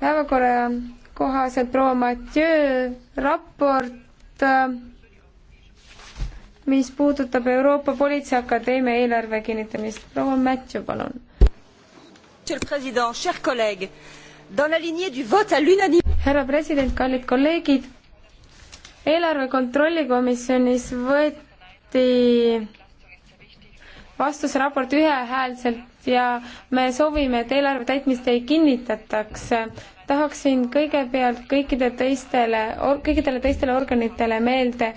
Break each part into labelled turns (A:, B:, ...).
A: päevakorra kohaselt proua Mathieu raport, mis puudutab Euroopa Politseiakadeemia eelarve kinnitamist. proua Mathieu, palun. härra president, kallid kolleegid, eelarve kontrollikomisjonis võeti vastusraport ühehäälselt ja me soovime, et eelarve täitmist ei kinnitataks tahaksin kõigepealt kõikide teistele, kõikidele teistele organitele meelde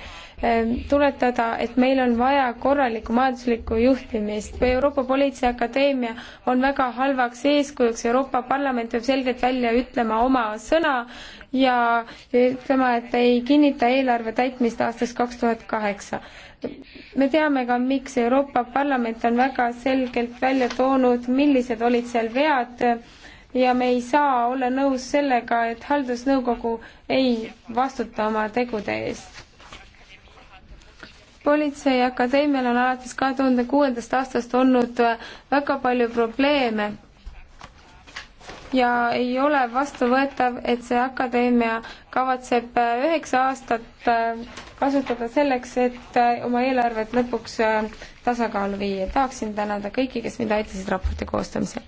A: ähm, tuletada, et meil on vaja korralikku majanduslikku juhtimist. Euroopa Politseiakadeemia on väga halvaks eeskujuks, Euroopa Parlament peab selgelt välja ütlema oma sõna ja ütlema, et ei kinnita eelarve täitmist aastast kaks tuhat kaheksa. me teame ka, miks Euroopa Parlament on väga selgelt välja toonud, millised olid seal vead ja me ei saa olla nõus sellega, et haldusnõukogu ei vastuta oma tegude eest. politseiakadeemial on alates kahe tuhande kuuendast aastast olnud äh, väga palju probleeme ja ei ole vastuvõetav, et see akadeemia kavatseb äh, üheksa aastat äh, kasutada selleks, et oma eelarvet lõpuks tasakaalu viia. tahaksin tänada kõiki, kes mind aitasid raporti koostamisel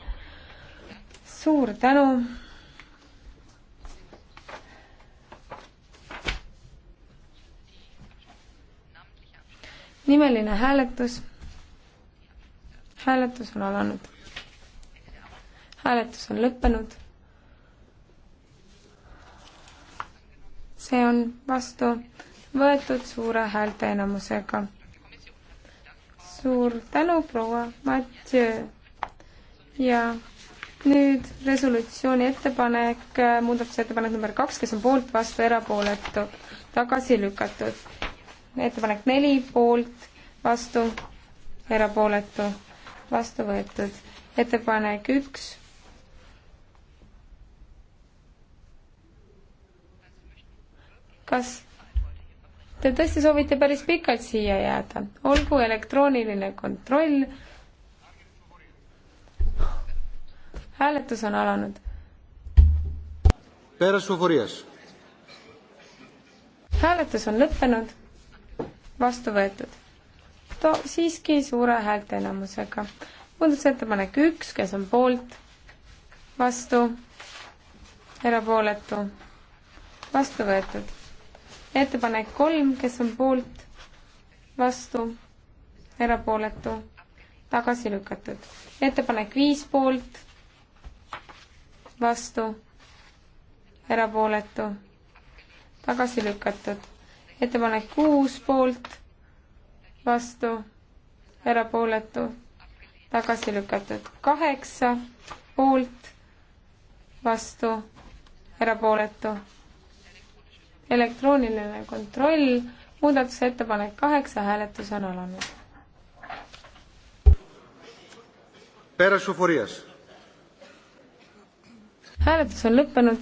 A: suur tänu. nimeline hääletus. hääletus on alanud. hääletus on lõppenud. see on vastu võetud suure häälteenamusega. suur tänu, proua Matjöö ja nüüd resolutsiooni ettepanek, äh, muudatusettepanek number kaks, kes on poolt, vastu, erapooletu, tagasi lükatud. ettepanek neli, poolt, vastu, erapooletu, vastu võetud. ettepanek üks. kas te tõesti soovite päris pikalt siia jääda? olgu elektrooniline kontroll hääletus on alanud. hääletus on lõppenud, vastu võetud. To-, siiski suure häälteenamusega. muudatusettepanek üks, kes on poolt, vastu, erapooletu, vastu võetud. ettepanek kolm, kes on poolt, vastu, erapooletu, tagasi lükatud. ettepanek viis poolt vastu, erapooletu, tagasi lükatud. ettepanek kuus poolt, vastu, erapooletu, tagasi lükatud. kaheksa poolt, vastu, erapooletu. elektrooniline kontroll, muudatusettepanek kaheksa, hääletus on alanud.
B: Pere Sufurias
A: hääletus on lõppenud.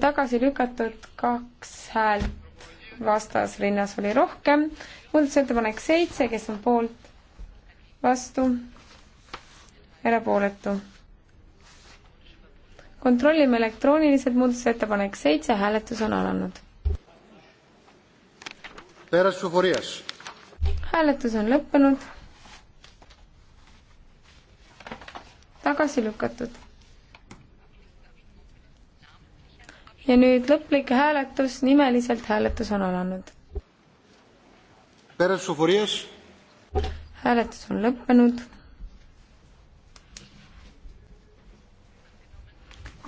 A: tagasi lükatud kaks häält, vastasrinnas oli rohkem. muudatusettepanek seitse, kes on poolt, vastu, erapooletu. kontrollime elektrooniliselt muudatusettepanek seitse, hääletus on alanud hääletus on lõppenud. tagasi lükatud. ja nüüd lõplik hääletus, nimeliselt hääletus on alanud. hääletus on lõppenud.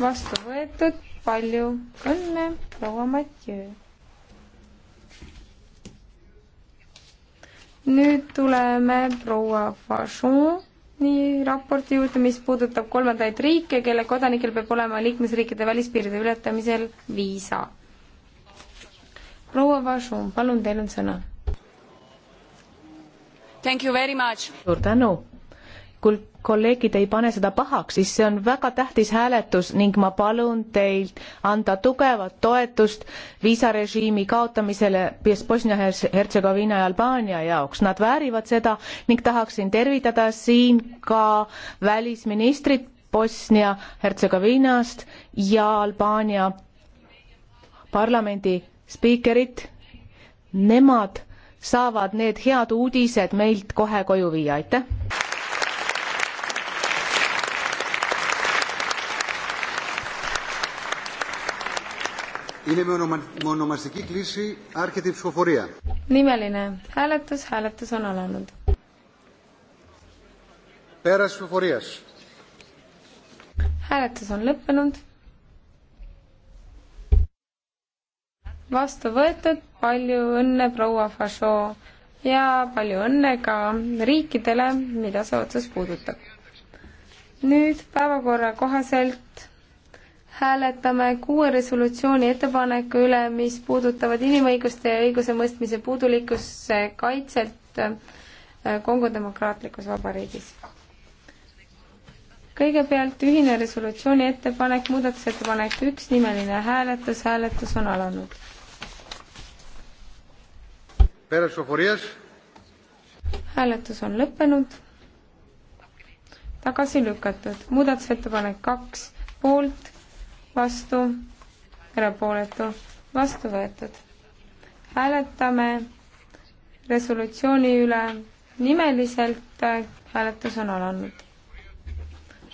A: vastu võetud, palju õnne, proua Matjöö. nüüd tuleme proua Fajon nii raporti juurde, mis puudutab kolmandaid riike, kelle kodanikel peab olema liikmesriikide välispiiride ületamisel viisa. proua
C: Vašum, palun, teil on sõna. suur tänu kolleegid ei pane seda pahaks, siis see on väga tähtis hääletus ning ma palun teilt anda tugevat toetust viisarežiimi kaotamisele Bosnia-Hertsegoviina ja Albaania jaoks. Nad väärivad seda ning tahaksin tervitada siin ka välisministrit Bosnia-Hertsegoviinast ja Albaania parlamendi spiikerit. Nemad saavad need head uudised meilt kohe koju viia, aitäh!
A: nimeline hääletus, hääletus on alanud. hääletus on lõppenud. vastu võetud, palju õnne, proua Fašo ja palju õnne ka riikidele, mida see otsus puudutab. nüüd päevakorra kohaselt hääletame kuue resolutsiooni ettepaneku üle, mis puudutavad inimõiguste ja õigusemõistmise puudulikkuse kaitset äh, Kongo Demokraatlikus Vabariigis. kõigepealt ühine resolutsiooni ettepanek, muudatusettepanek üks, nimeline hääletus, hääletus on alanud. hääletus on lõppenud. tagasi lükatud, muudatusettepanek kaks, poolt vastu, erapooletu, vastu võetud. hääletame resolutsiooni üle nimeliselt, hääletus on alanud.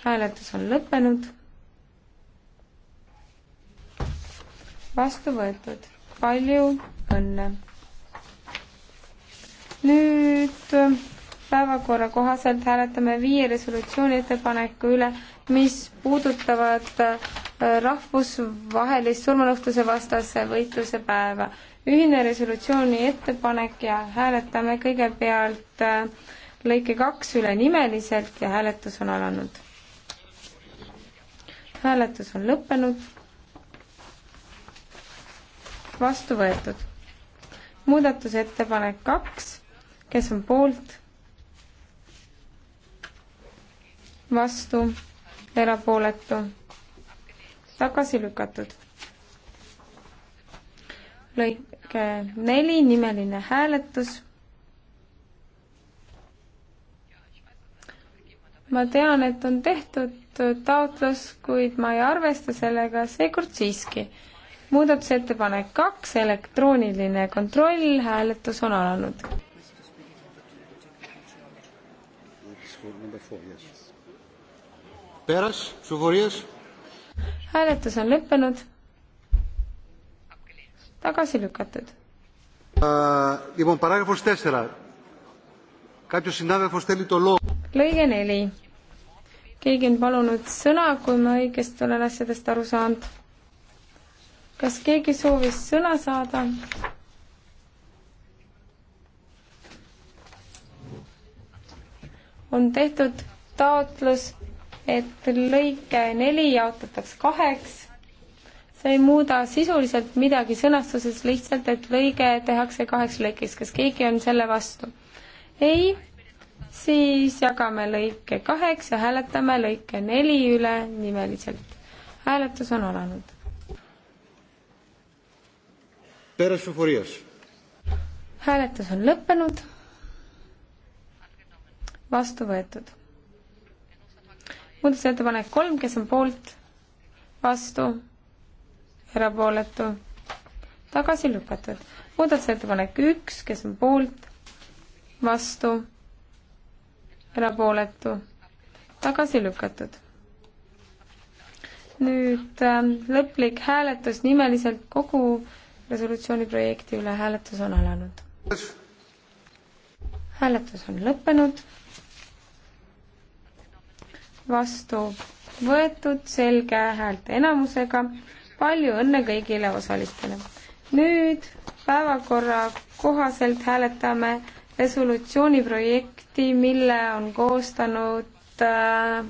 A: hääletus on lõppenud. vastu võetud, palju õnne. nüüd päevakorra kohaselt hääletame viie resolutsiooni ettepaneku üle, mis puudutavad rahvusvahelist surmanuhtluse vastase võitluse päeva. ühine resolutsiooni ettepanek ja hääletame kõigepealt äh, lõike kaks üle nimeliselt ja hääletus on alanud. hääletus on lõppenud. vastu võetud. muudatusettepanek kaks, kes on poolt? vastu, erapooletu tagasi lükatud. lõike neli, nimeline hääletus. ma tean, et on tehtud taotlus, kuid ma ei arvesta sellega seekord siiski. muudatusettepanek kaks, elektrooniline kontroll, hääletus on alanud. Peres, Suvorias hääletus on lõppenud. tagasi lükatud
B: uh,.
A: lõige neli. keegi on palunud sõna, kui ma õigesti olen asjadest aru saanud. kas keegi soovis sõna saada? on tehtud taotlus et lõike neli jaotatakse kaheks. see ei muuda sisuliselt midagi sõnastuses, lihtsalt et lõige tehakse kaheks lõikeks, kas keegi on selle vastu? ei, siis jagame lõike kaheks ja hääletame lõike neli üle nimeliselt. hääletus on alanud. hääletus on lõppenud. vastu võetud muudatusettepanek kolm, kes on poolt, vastu, erapooletu, tagasi lükatud. muudatusettepanek üks, kes on poolt, vastu, erapooletu, tagasi lükatud. nüüd ähm, lõplik hääletus nimeliselt kogu resolutsiooni projekti üle hääletus on alanud. hääletus on lõppenud vastu võetud selge häälte enamusega. palju õnne kõigile osalistele. nüüd päevakorra kohaselt hääletame resolutsiooni projekti, mille on koostanud äh,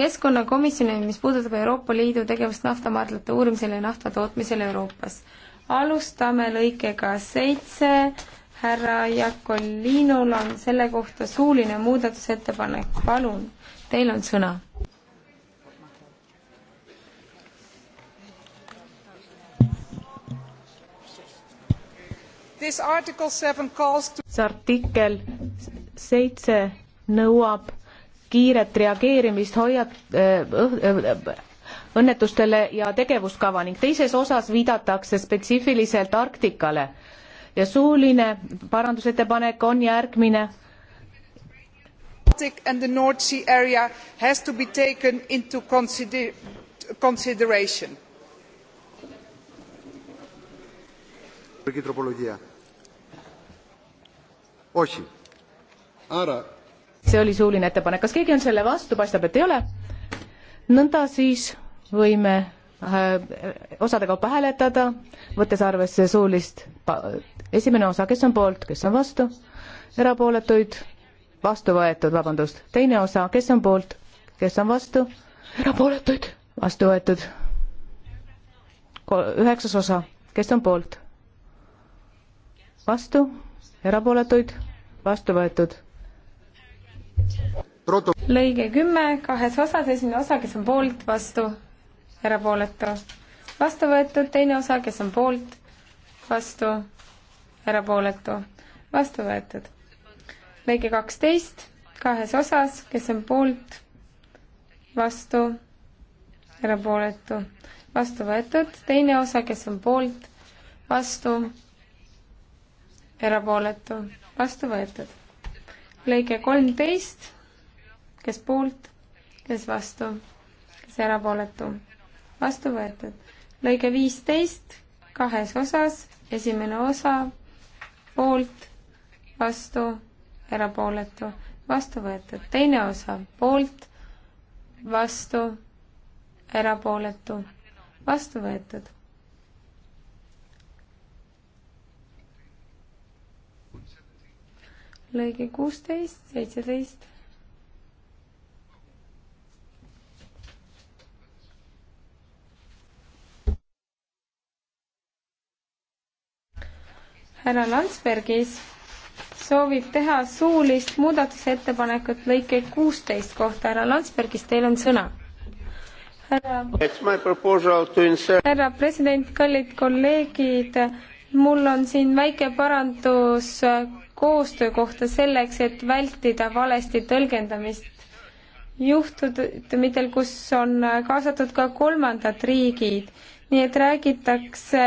A: keskkonnakomisjoni, mis puudutab Euroopa Liidu tegevust naftamaadlate uurimisel ja nafta tootmisel Euroopas. alustame lõikega seitse, härra Jakolinul on selle kohta suuline muudatusettepanek, palun Teil on sõna.
C: see artikkel seitse nõuab kiiret reageerimist hoiat- äh, äh,, õnnetustele ja tegevuskava ning teises osas viidatakse spetsiifiliselt Arktikale ja suuline parandusettepanek on järgmine baltic and the north sea area has to be taken into consideration. see oli suuline ettepanek kas keegi on selle vastu paistab et ei ole nõnda siis võime äh, osade kaupa hääletada, võttes arvesse suulist, esimene osa, kes on poolt, kes on vastu, erapooletuid vastu võetud, vabandust, teine osa, kes on poolt, kes on vastu, erapooletuid, vastu võetud. üheksas osa, kes on poolt, vastu, erapooletuid, vastu võetud.
A: lõige kümme, kahes osas, esimene osa, kes on poolt, vastu, erapooletu, vastu võetud, teine osa, kes on poolt, vastu, erapooletu, vastu võetud lõige kaksteist kahes osas, kes on poolt, vastu, erapooletu, vastu võetud, teine osa, kes on poolt, vastu, erapooletu, vastu võetud. lõige kolmteist, kes poolt, kes vastu, kes erapooletu, vastu võetud. lõige viisteist, kahes osas, esimene osa, poolt, vastu erapooletu, vastu võetud. teine osa poolt, vastu, erapooletu, vastu võetud. lõige kuusteist, seitseteist härra Landsbergis soovib teha suulist muudatusettepanekut lõike kuusteist kohta. härra Landsbergis, teil on sõna. härra president, kallid kolleegid, mul on siin väike parandus koostöö kohta selleks, et vältida valesti tõlgendamist juhtumitel, kus on kaasatud ka kolmandad riigid nii et räägitakse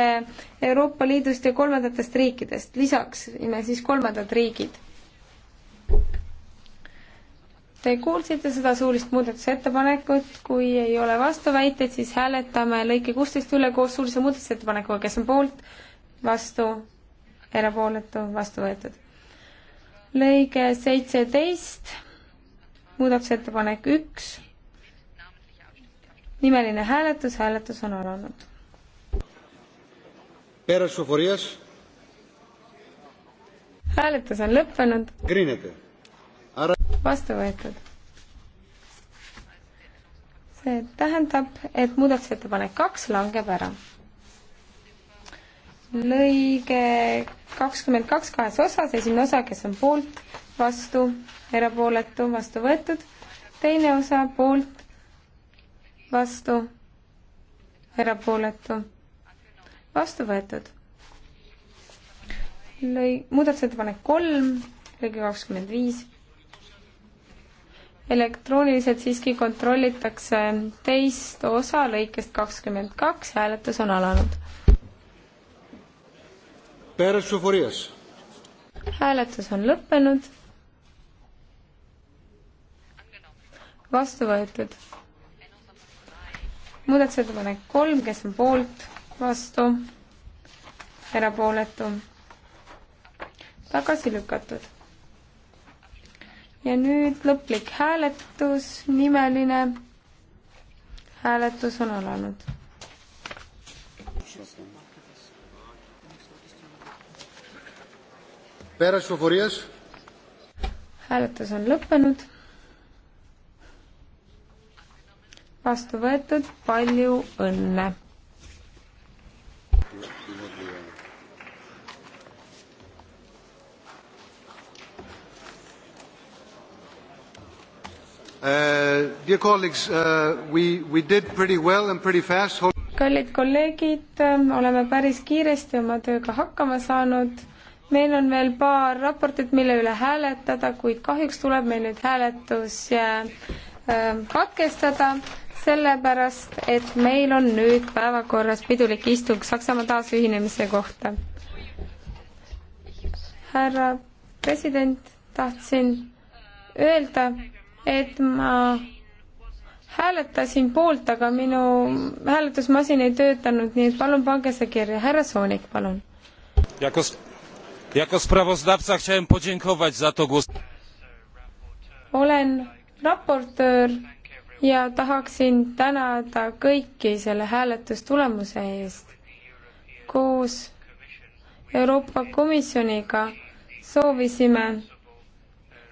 A: Euroopa Liidust ja kolmandatest riikidest, lisaks siis kolmandad riigid. Te kuulsite seda suulist muudatusettepanekut, kui ei ole vastuväiteid, siis hääletame lõike kuusteist üle koos suulise muudatusettepanekuga, kes on poolt, vastu, erapooletu, vastu võetud. lõige seitseteist, muudatusettepanek üks nimeline hääletus, hääletus on alanud. hääletus on lõppenud. vastu võetud. see tähendab, et muudatusettepanek kaks langeb ära. lõige kakskümmend kaks kahes osas, esimene osa, kes on poolt, vastu, erapooletu, vastu võetud, teine osa poolt, vastu, erapooletu, vastu võetud. lõi, muudatusettepanek kolm, lõige kakskümmend viis. elektrooniliselt siiski kontrollitakse teist osa lõikest kakskümmend kaks, hääletus on alanud. hääletus on lõppenud. vastu võetud muudatusettepanek kolm, kes on poolt, vastu, erapooletu, tagasi lükatud. ja nüüd lõplik hääletus, nimeline hääletus on alanud. hääletus on lõppenud vastu võetud, palju õnne!
B: Uh, dear colleagues, uh, we, we did pretty well and pretty fast.
A: kallid kolleegid, oleme päris kiiresti oma tööga hakkama saanud. meil on veel paar raportit, mille üle hääletada, kuid kahjuks tuleb meil nüüd hääletus ja, äh, äh, katkestada sellepärast, et meil on nüüd päevakorras pidulik istung Saksamaa taasühinemise kohta. härra president, tahtsin öelda, et ma hääletasin poolt, aga minu hääletusmasin ei töötanud, nii et palun pange see kirja. härra Soonik, palun. olen raportöör ja tahaksin tänada kõiki selle hääletustulemuse eest. koos Euroopa Komisjoniga soovisime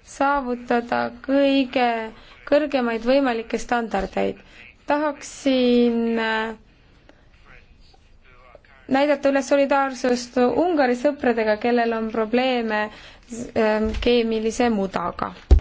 A: saavutada kõige kõrgemaid võimalikke standardeid. tahaksin äh, näidata üles solidaarsust Ungari sõpradega, kellel on probleeme äh, keemilise mudaga.